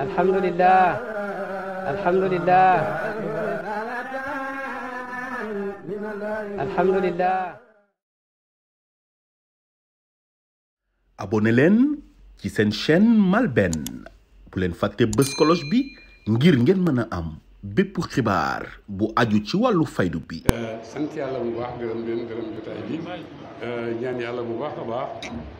alhamdulilah alhamdulilah alhamdulilah. abonné leen ci seen chaîne MALBN bu leen fàtte bës cloche bi ngir ngeen mën a am bépp xibaar bu aju ci wàllu faydu bi. Euh, sant yàlla bu baax gërëm jotaay bi euh, ñaan yàlla bu baax a baax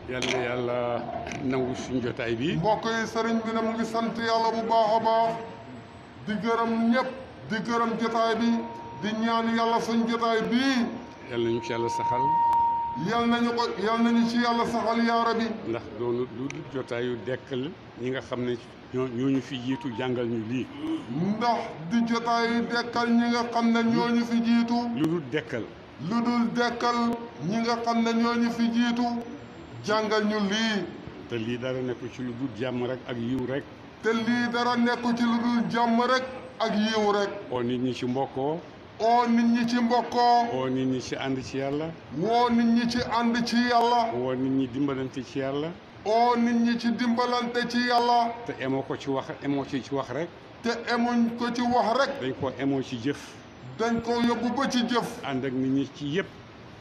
yàlla na nangu suñ jotaay bi. mbokk yi sëriñ bi ne mu ngi sant yàlla bu baax a baax di gërëm ñëpp di gërëm jotaay bi di ñaan yàlla suñ jotaay bii. yàlla nañu ci yàlla saxal. yàlla bi. ndax doonu lu jotaayu dekkal ñi nga xam ne. ñoo ñooñu fi jiitu jàngal ñu lii ndax di jotaayu dekkal ñi nga xam na ne ñu fi jiitu lu dul dekkal lu dul dekkal ñi nga xam ne ñu fi jiitu jàngal ñu lii te lii dara nekku ci lu dul jàmm rek ak yiw rekk te lii dara nekku ci lu dul jàmm rek ak yiw rek oo nit ñi ci mbokkoo oo nit ñi ci mbokkoo oo nit ñi ci ànd ci yàlla woo nit ñi ci ànd ci yàlla woo nit ñi dimbalante ci yàlla oo nit ñi ci dimbalante ci yàlla. te emoo ko ci wax emoo ci ci wax rek. te emuñ ko ci wax rek. dañ ko emoo ci jëf. dañ ko yóbbu ba ci jëf. ànd ak nit ñi ci yëpp.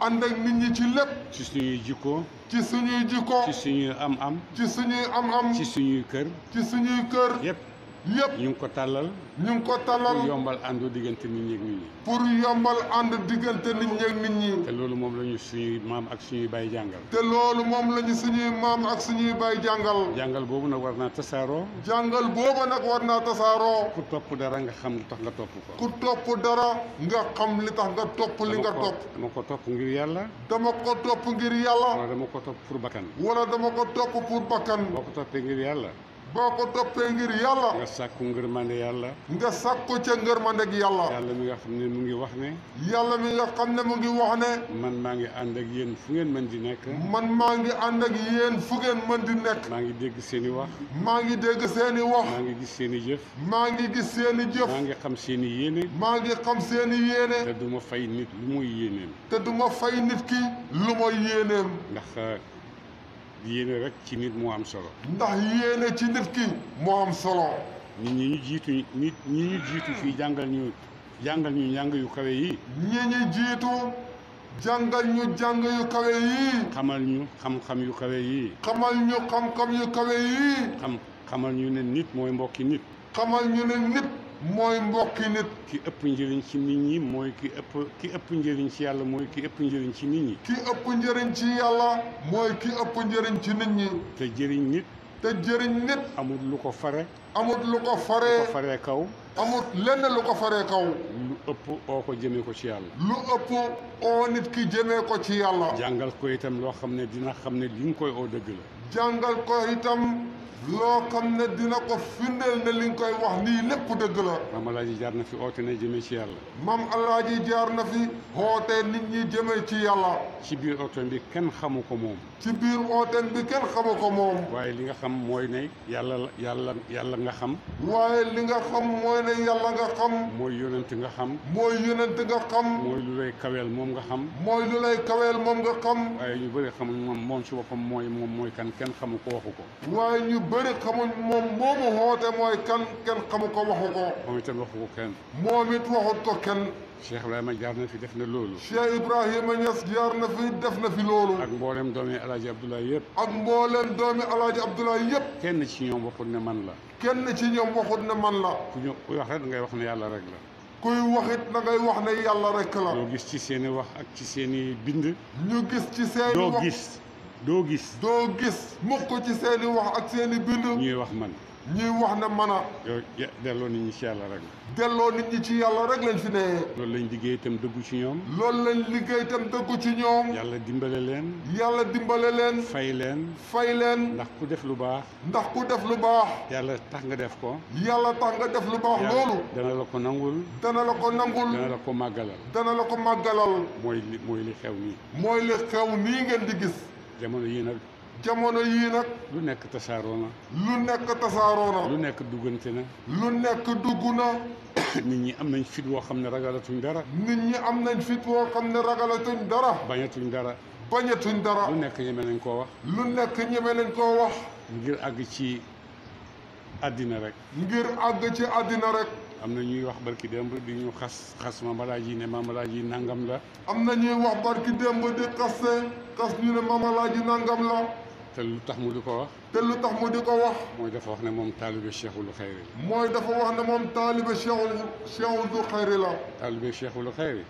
ànd ak nit ñi ci lépp. ci suñuy jikko. ci suñuy jikko. ci suñuy am-am. ci suñuy am-am. ci suñuy kër. ci suñuy kër. yëpp. yëpp ñu ngi ko tàllal ñu ngi ko tàllal yombal àndu diggante nit ñi ak nit ñi pour yombal ànd diggante nit ñi ak nit ñi te loolu moom la ñu suñuy maam ak suñuy baay jàngal te loolu moom la ñu suñuy maam ak suñuy baay jàngal jàngal boobu nag war naa tasaaroo jàngal boobu nag war naa tasaaroo ku topp dara nga xam li tax nga topp ko ku dara nga xam li tax nga topp li nga topp dama ko topp ngir yàlla dama ko topp ngir yàlla wala dama ko topp pour bakkan wala dama ko topp pour bakkan boo ko toppee ngir yàlla boo ko toppee ngir yàlla. nga sàkku ngërmande yàlla. nga sàkku ca ngërmande gi yàlla. yàlla mi nga xam ne mu ngi wax ne. yàlla mi nga xam ne mu ngi wax ne. man maa ngi ànd ak yéen fu ngeen mën di nekk. man maa ngi ànd ak yéen fu ngeen mën di nekk. maa ngi dégg seen i wax. maa ngi dégg seen i wax. maa ngi gis seen i jëf. maa ngi gis seen i jëf. maa ngi xam seen i yéene. maa ngi xam seen i yéene. te du ma fay nit lu muy yéeneem. te du ma fay nit ki lu muy yéeneem. ndax. yéene rek ci nit mu am solo. ndax yéene ci nit ki moo am solo. nit ñi ñu jiitu nit ñi ñu jiitu fii jàngal ñu jàngal ñu njàng yu kawe yi. ñi ñu jiitu jàngal ñu jàng yu kawe yi. xamal ñu xam-xam yu kawe yi. xamal ñu xam-xam yu kawe yi. xam xamal ñu ne nit mooy mbokki nit. xamal ñu ne nit. mooy mbokki nit ki ëpp njëriñ ci nit ñi mooy ki ëpp ki ëpp njëriñ ci yàlla mooy ki ëpp njëriñ ci nit ñi ki ëpp njëriñ ci yàlla mooy ki ëpp njëriñ ci nit ñi te jëriñ nit te jëriñ nit amul lu ko fare amut lu ko faree faree kaw amut lenn lu ko faree kaw lu ëpp oo ko jëmee ko ci yàlla lu ëpp oo nit ki jëmee ko ci yàlla jàngal ko itam loo xam ne dina xam ne li nga koy oo dëgg la jàngal ko itam loo xam ne dina ko firndeel ne li nga koy wax nii lépp dëgg la. maam Alaaji jaar na fi oote ne jëmee ci yàlla. maam Alaaji jaar na fi oote nit ñi jëmee ci yàlla. ci biir ooteem bi kenn xamu ko moom. ci biir ooteem bi kenn xamu ko moom. waaye li nga xam mooy ne yàlla la yàlla yàlla nga xam. waaye li nga xam mooy ne yàlla nga xam. mooy yonent nga xam. mooy yonent nga xam. mooy lu lay kaweel moom nga xam. mooy lu lay kaweel moom nga xam. waaye ñu bëri xamuñ moom moom ci boppam mooy moom mooy kan kenn xamu ko waxu ko. waaye ñu. bëri xamul moom moomu xoote mooy kan kenn xamu ko waxu ko. moom itam waxu ko kenn. moom it waxut ko kenn. Cheikh Ibrahima jaar na fi def na loolu. Cheikh Ibrahima Niass jaar na fi def na fi loolu. ak mboolem doomi El Hadj Abdoulaye yëpp. ak mboolem doomi El Hadj Abdoulaye yëpp. kenn ci ñoom waxut ne man la. kenn ci ñoom waxut ne man la. ku ñu kuy wax rek ngay wax ne yàlla rek la. kuy waxit na ngay wax ne yàlla rek la. loo gis ci seen i wax ak ci seen i bind. ñu gis ci seen i wax loo gis. doo gis. doo gis mukk ci seeni wax ak seen i bind. ñuy wax man. ñuy wax na mën a. yow delloo nit ñi ci yàlla rek. delloo nit ñi ci yàlla rek leen fi ne. loolu lañ liggéey tam dëggu ci ñoom. loolu lañ liggéey itam dëggu ci ñoom. yàlla dimbale leen. yàlla dimbale leen. fay leen. fay leen. ndax ku def lu baax. ndax ku def lu baax. yàlla tax nga def ko. yàlla tax nga def lu baax loolu. dana la ko nangul. dana la ko nangul. dana la ko màggalal. dana la ko màggalal. mooy li mooy li xew nii. mooy li xew nii ngeen di gis. jamono yii nag. jamono yii nag. lu nekk tasaaroo na. lu nekk tasaaroo lu nekk duggante na. lu nekk dugg na. nit ñi am nañ fit woo xam ne ragalatuñ dara. nit ñi am nañ fit woo xam ne ragalatuñ dara. bañatuñ dara. bañatuñ dara. lu nekk ñeme nañ koo wax. lu nekk ñeme nañ koo wax. ngir àgg ci addina rek. ngir àgg ci àddina rek. am na ñuy wax barki démb di ñu xas ma Mamadou ji ne ma Mamadou yi nangam la. am na ñuy wax barki démb di xas xas ñu ne Mamadou yi nangam la. te lu tax mu di ko wax. te lu tax mu di ko wax. mooy dafa wax ne moom taalibe Cheikhul Xayri la. mooy dafa wax ne moom taalibe Cheikhul Cheikhul Xayri la. taalibe Cheikhul Xayri.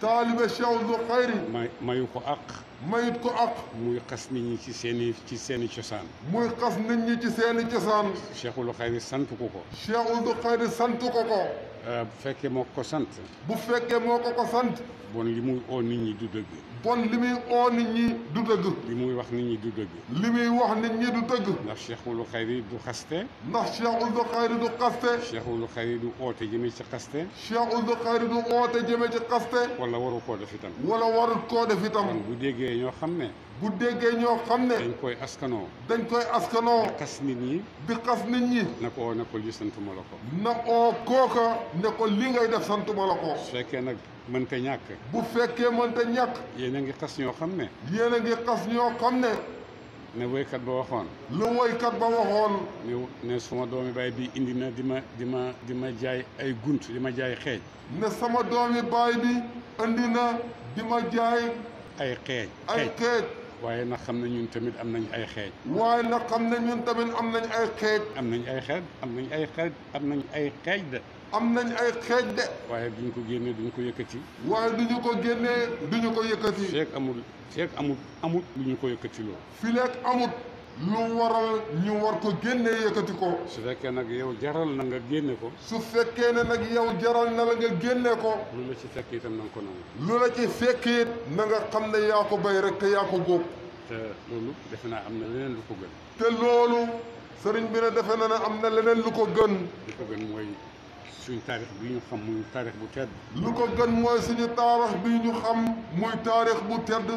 taalibe Cheikhul Xayri. may mayu ko ak mayut ko ak muy xas nit ñi ci seeni ci seen i cosaan. muy xas nit ñi ci seen i cosaan. Cheikhul Xayri sant ko ko. Cheikhul ko ko. Euh, bu fekkee moo ko sant. bu fekkee moo ko ko sant. bon li muy oo nit ñi du dëgg. bon li muy oo nit ñi du dëgg. li muy wax nit ñi du dëgg. li muy wax nit ñi du dëgg. ndax Cheikhul Xayri du xaste. ndax Cheikhul Xayri du xaste. Cheikhul Xayri du oote jëmee ci xaste. Cheikhul Xayri du oote jëmee ci xaste. wala waru koo def itam. wala waru koo def itam. bu déggee ñoo xam ne. bu déggee ñoo xam ne. dañ koy askanoo. dañ koy askanoo. di xas nit ñi. di xas nit ñi. na ko na ko lii santuma la ko. na oo kooka. ne ko li ngay def santuma la ko. su fekkee nag mënta ñàkk. bu fekkee mënta ñàkk. yéen a ngi xas ñoo xam ne. yéen a ngi xas ñoo xam ne. ne woykat ba waxoon. lu woykat ba waxoon. ne ne sama doomi baay bi indi na di ma di ma di jaay ay gunt di ma jaay xeej. ne sama doomi baay bi indi na di ma jaay. ay xeej ay xeej. waaye nag xam na ñun tamit am nañ ay xeej waaye nag xam na ñun tamit am nañ ay xeej am nañ ay xeej am nañ ay xeej am nañ ay xeej de am nañ ay xeej de waaye duñ ko génnee duñ ko yëkkati waaye duñu ko génnee duñu ko yëkkati feek amul feek amul amut lu ñu ko yëkkati loolu fi leeg amut lu waral ñu war ko génne yëkkati ko. su fekkee nag yow jaral na nga génne ko. su fekkee ne nag yow jaral na la nga génnee ko. lu la ci fekk itam na nga ko nangu. lu ci fekk it na nga xam ne yaa ko bay rek te yaa ko góob. te defe naa am na leneen lu ko gën. te loolu sëriñ bi ne defe na ne am na leneen lu ko gën. lu ko gën mooy suñu taarix bi bu tedd. lu ko gën suñu taarix bi ñu xam muy taarix bu tedd.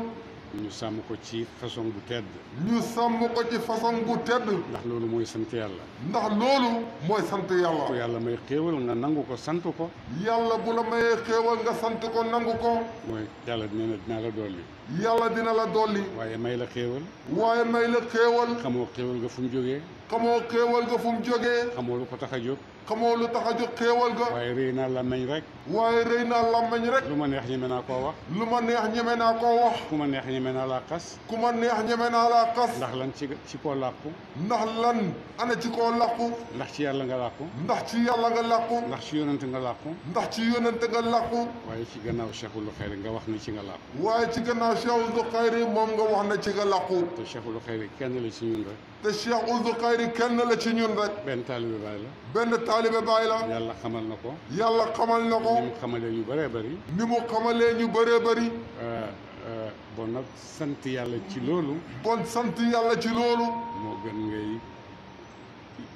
ñu sàmm ko ci façon bu tedd. ñu sàmm ko ci façon bu tedd. ndax loolu mooy sant yàlla. ndax loolu mooy sant yàlla. yàlla may xéewal nga nangu ko sant ko. yàlla bu la mayee xéewal nga sant ko nangu ko. mooy yàlla nee dinaa la dolli. yàlla dina la dolli. waaye may la xéewal. waaye may la xéewal. xamoo xéewal nga fu mu jógee. xamoo xéewal nga fu mu jógee. xamoo lu ko tax a jóg. xamoo lu tax a jóg xéewal ga waaye rëy naa làmmeñ rek waaye rëy naa làmmeñ rek lu ma neex ñeme naa koo wax lu ma neex ñeme naa koo wax ku ma neex ñeme naa laa xas ku ma neex ñeme naa laa xas ndax lan ci ci koo làqu ndax lan ana ci koo làqu ndax ci yàlla nga làqu ndax ci yàlla nga làqu ndax ci yónente nga làqu ndax ci yónente nga làqu waaye ci gannaaw cheikhul xayri nga wax na ci nga làqu waaye ci gannaaw cheikhul xayri moom nga wax na ci nga làqu te cheikhul xayri kenn la ci ñun rek te Cheikh Ould Khayri kenn la ci ñun rek. benn taalibe baay la. benn taalibe baay la. yàlla xamal na ko. yàlla xamal na ko. ni mu xamalee ñu baree bari ni mu xamalee ñu baree bëri. Euh, euh, bon nag sant yàlla ci loolu. bon sant yàlla ci loolu. moo gën ngay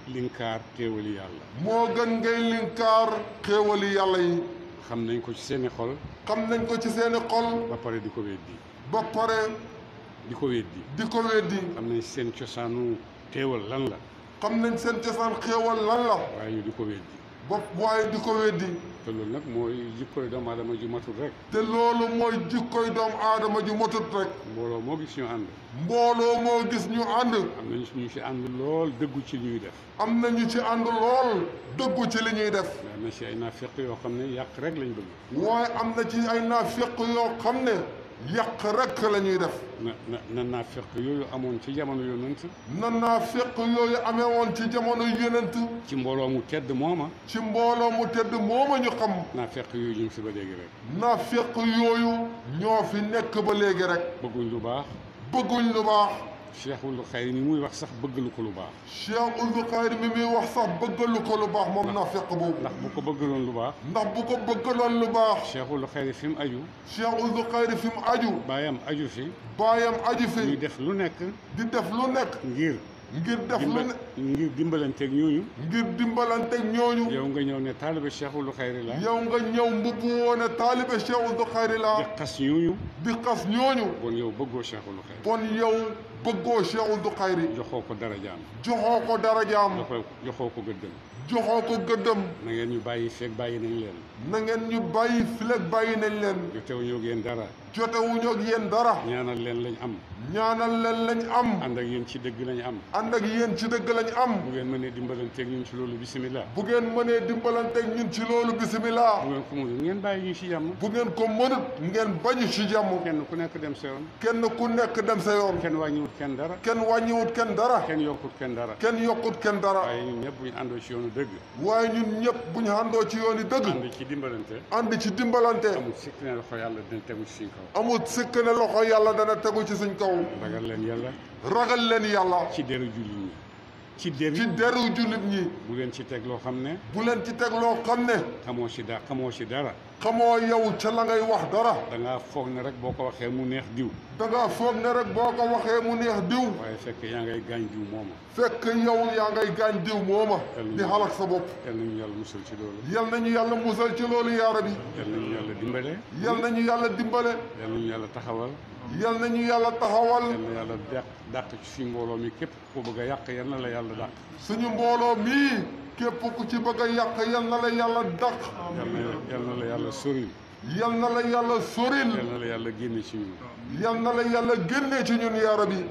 linkaar xéewali yàlla. moo gën ngay linkaar xéewali yàlla yi. xam nañ ko ci seeni xol. xam nañ ko ci seeni xol. ba pare di ko weddi. ba pare. di ko weddi di ko weddi xam nañ seen cosaanu xéewal lan la xam nañ seen cosaan xéewal lan la waaye ñu di ko weddi bopp waaye di ko weddi te loolu nag mooy jikkoy doomu aadama ju matut rek te loolu mooy jikkoy doomu aadama ju matut rek mbooloo moo gis ñu ànd mbooloo moo gis ñu ànd am nañu ñu si ànd lool dëggu ci ñuy def am nañu ci ànd lool dëggu ci li ñuy def am na ci ay naafeq yoo xam ne yàq rek lañ bëgg waaye am na ci ay naafeq yoo xam ne yàq rek la ñuy def. na na na naa fekk yooyu amoon ci jamono yonent. na naa fekk yooyu amee woon ci jamono yonent. ci mbooloo mu tedd mooma. ci mbooloo mu tedd mooma ñu xam. naa fekk yooyu ñu ngi fi ba léegi rek. naa yooyu ñoo fi nekk ba léegi rek. bëgguñ lu baax. bëgguñ lu baax. cheikh wul xayri mi muy wax sax bëggalu ko lu baax cheikh wul wax sax bëggalu ko lu baax moom naafeq boobu ndax bu ko bëggaloon lu baax ndax bu ko bëggaloon lu baax cheikh wul xayri fi mu aju cheikh wul xayri fi mu aju baayam aju fi baayam aju fi di def lu nekk di def lu nekk ngir ngir def lu ne ngir dimbalanteeg ñooñu ngir dimbalanteeg ñooñu yow nga ñëw ne taalibe cheikhul xayri la yow nga ñëw mbubbu woo ne taalibe la di xas ñooñu di xas ñooñu bon yow bëggoo cheikhul xayri bon yow bëggoo Cheikhul du xayri. joxoo ko darajaam. joxoo ko darajaam. joxoo ko gëddëm. joxoo ko gëddëm. na ngeen ñu bàyyi fekk bàyyi nañ leen. na ngeen ñu bàyyi fekk bàyyi nañ leen. jotewu ñoo ngeen dara. jotewuñu ak yéen dara. ñaanal leen lañ am. ñaanal leen lañ am. ànd ak yéen ci dëgg lañ am. ànd ak yéen ci dëgg lañ am. bu ngeen mënee dimbalanteeg ñun ci loolu bisimilah. bu ngeen mënee dimbalanteeg ñun ci loolu bisimilah. bu ngeen ko mënut ngeen bàyyi ñu ci bu ngeen ko mënut ngeen bañu ci jàmm. kenn ku nekk dem sa yoon. kenn ku nekk dem sa yoon. kenn wàññiwut kenn dara. kenn wàññiwut kenn dara. kenn yokkut kenn dara. kenn yokkut kenn dara. waaye ñun ñëpp bu ñu àndoo ci yoonu dëgg. waaye ñun ñëpp bu ñu àndoo ci yoonu dëgg. ànd ci dimbalante. ànd ci dimbalante. amul sikk ne loxo yàlla dina amul sikk ne loxo yàlla dana tegu ci suñ kaw ragal leen yàlla ragal leen yàlla ci deru jullit ñi ci deru ci deru jullit ñi. bu leen ci teg loo xam ne. bu leen ci teg loo xam ne. xamoo ci da xamoo ci dara. xamoo yow ca la ngay wax dara. da foog ne rek boo ko waxee mu neex diw. da ngaa foog ne rek boo ko waxee mu neex diw. waaye fekk yaa ngay gaañ diw mooma. fekk yow yaa ngay gaañ diw mooma. di xalak sa bopp. yal nañu yàlla musal ci loolu. yal nañu yàlla musal ci loolu yaa rabbi. yal nañu yàlla dimbale. yal ñu yàlla dimbale. yal nañu yàlla taxawal. yal nañu yàlla taxawal. yal na yàlla dàq dàq ci suñu mbooloo mi képp ku bëgg a na la yàlla dàq. suñu mbooloo mii képp ku ci bëgg a yàq yal na la yàlla dàq. yal na la yàlla yal na la yàlla soril. yal na yàlla génne ci ñun. yal na la yàlla génne ci ñun yaa rabbi.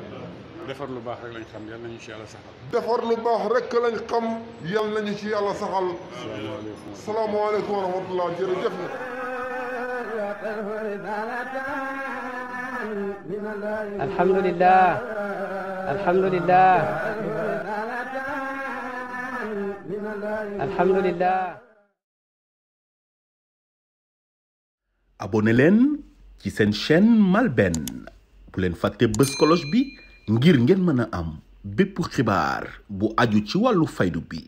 defar lu baax rek lañ xam yal nañu ci yàlla saxal. defar lu baax rek lañ xam yal nañu ci yàlla saxal. salaamaaleykum salaamaaleykum wa alhamdulillah alhamdulillah alhamdulillah abonné leen ci seen chen MALBN bu leen fàtte bës cloche bi ngir ngeen mën a am bépp xibaar bu aju ci wàllu faydu bi